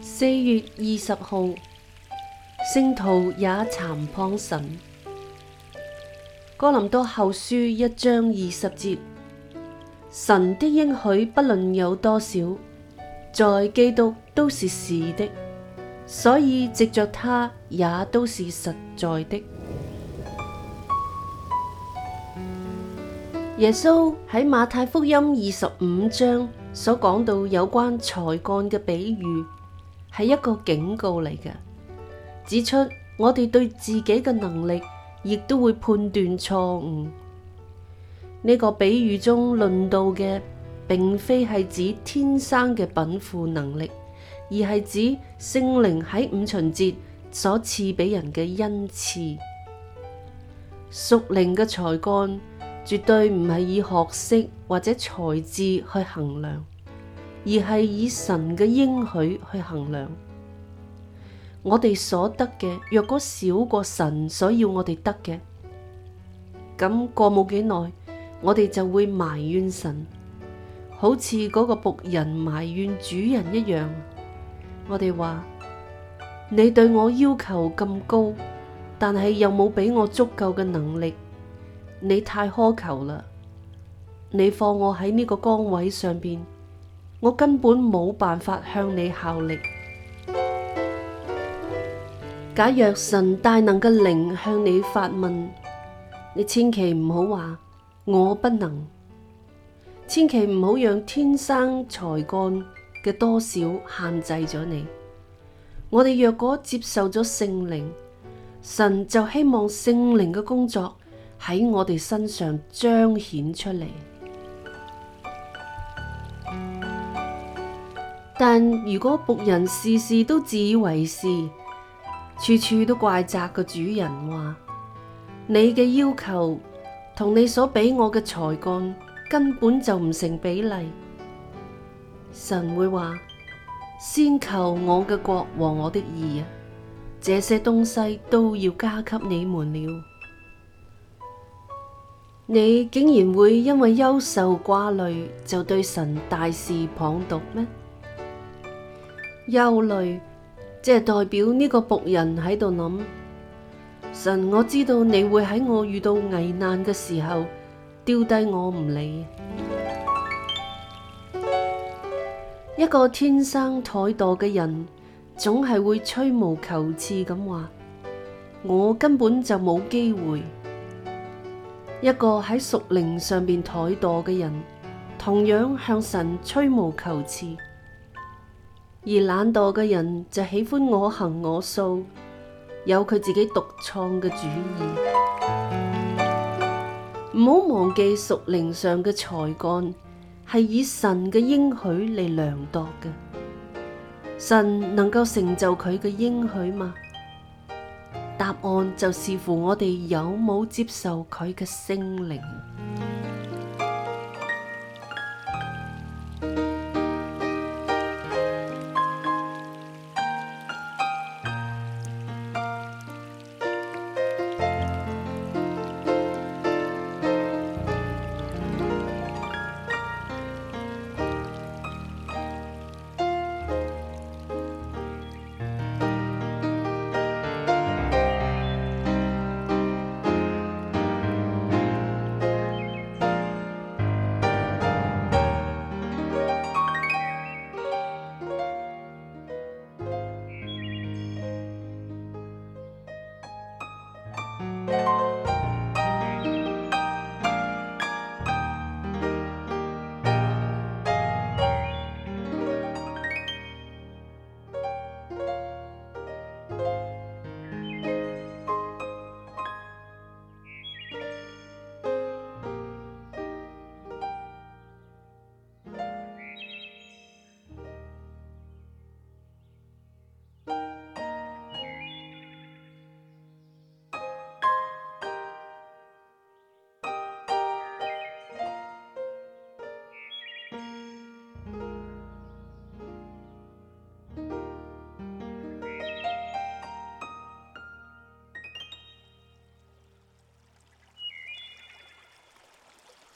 四月二十號，聖徒也參謗神。哥林多後書一章二十節，神的應許不論有多少，在基督都是是的，所以藉着他也都是實在的。耶穌喺馬太福音二十五章所講到有關才幹嘅比喻。係一個警告嚟嘅，指出我哋對自己嘅能力，亦都會判斷錯誤。呢個比喻中論到嘅，並非係指天生嘅稟賦能力，而係指聖靈喺五旬節所賜俾人嘅恩賜。屬靈嘅才幹絕對唔係以學識或者才智去衡量。而係以神嘅應許去衡量。我哋所得嘅，若果少過神所要我哋得嘅，咁過冇幾耐，我哋就會埋怨神，好似嗰個僕人埋怨主人一樣。我哋話：你對我要求咁高，但係又冇俾我足夠嘅能力，你太苛求啦！你放我喺呢個崗位上面。我根本冇辦法向你效力。假若神大能嘅靈向你發問，你千祈唔好話我不能，千祈唔好讓天生才幹嘅多少限制咗你。我哋若果接受咗聖靈，神就希望聖靈嘅工作喺我哋身上彰顯出嚟。但如果僕人事事都自以為是，處處都怪責個主人，話你嘅要求同你所俾我嘅才幹根本就唔成比例，神會話先求我嘅國和我的義啊，這些東西都要加給你們了。你竟然會因為優秀掛慮就對神大肆謗讟咩？憂慮，即係代表呢個僕人喺度諗：神，我知道你會喺我遇到危難嘅時候丟低我唔理。 一個天生怠惰嘅人，總係會吹毛求疵咁話：我根本就冇機會。一個喺屬靈上邊怠惰嘅人，同樣向神吹毛求疵。而懶惰嘅人就喜歡我行我素，有佢自己獨創嘅主意。唔好忘記屬靈上嘅才幹係以神嘅應許嚟量度嘅。神能夠成就佢嘅應許嗎？答案就視乎我哋有冇接受佢嘅聖靈。